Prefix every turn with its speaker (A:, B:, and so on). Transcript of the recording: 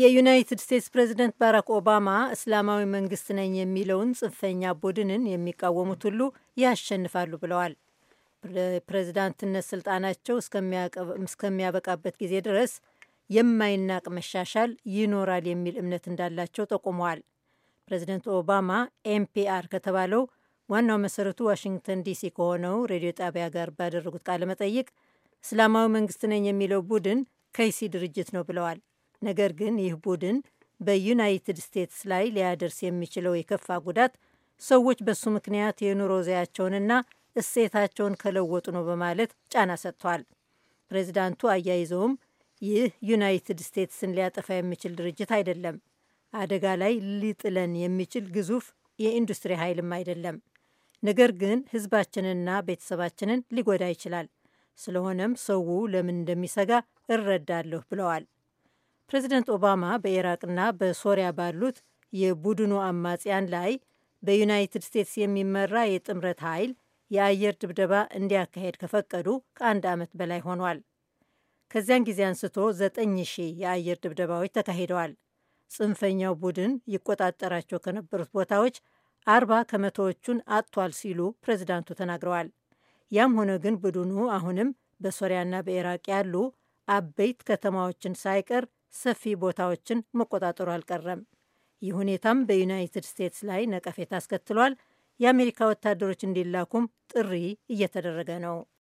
A: የዩናይትድ ስቴትስ ፕሬዚደንት ባራክ ኦባማ እስላማዊ መንግስት ነኝ የሚለውን ጽንፈኛ ቡድንን የሚቃወሙት ሁሉ ያሸንፋሉ ብለዋል። ፕሬዚዳንትነት ስልጣናቸው እስከሚያበቃበት ጊዜ ድረስ የማይናቅ መሻሻል ይኖራል የሚል እምነት እንዳላቸው ጠቁመዋል። ፕሬዚደንት ኦባማ ኤምፒአር ከተባለው ዋናው መሰረቱ ዋሽንግተን ዲሲ ከሆነው ሬዲዮ ጣቢያ ጋር ባደረጉት ቃለ መጠይቅ እስላማዊ መንግስት ነኝ የሚለው ቡድን ከይሲ ድርጅት ነው ብለዋል። ነገር ግን ይህ ቡድን በዩናይትድ ስቴትስ ላይ ሊያደርስ የሚችለው የከፋ ጉዳት ሰዎች በሱ ምክንያት የኑሮ ዘያቸውንና እሴታቸውን ከለወጡ ነው በማለት ጫና ሰጥቷል። ፕሬዚዳንቱ አያይዘውም ይህ ዩናይትድ ስቴትስን ሊያጠፋ የሚችል ድርጅት አይደለም፣ አደጋ ላይ ሊጥለን የሚችል ግዙፍ የኢንዱስትሪ ኃይልም አይደለም። ነገር ግን ሕዝባችንንና ቤተሰባችንን ሊጎዳ ይችላል። ስለሆነም ሰው ለምን እንደሚሰጋ እረዳለሁ ብለዋል። ፕሬዚደንት ኦባማ በኢራቅና በሶሪያ ባሉት የቡድኑ አማጽያን ላይ በዩናይትድ ስቴትስ የሚመራ የጥምረት ኃይል የአየር ድብደባ እንዲያካሄድ ከፈቀዱ ከአንድ ዓመት በላይ ሆኗል። ከዚያን ጊዜ አንስቶ ዘጠኝ ሺህ የአየር ድብደባዎች ተካሂደዋል። ጽንፈኛው ቡድን ይቆጣጠራቸው ከነበሩት ቦታዎች አርባ ከመቶዎቹን አጥቷል ሲሉ ፕሬዚዳንቱ ተናግረዋል። ያም ሆነ ግን ቡድኑ አሁንም በሶሪያና በኢራቅ ያሉ አበይት ከተማዎችን ሳይቀር ሰፊ ቦታዎችን መቆጣጠሩ አልቀረም። ይህ ሁኔታም በዩናይትድ ስቴትስ ላይ ነቀፌታ አስከትሏል። የአሜሪካ ወታደሮች እንዲላኩም ጥሪ እየተደረገ ነው።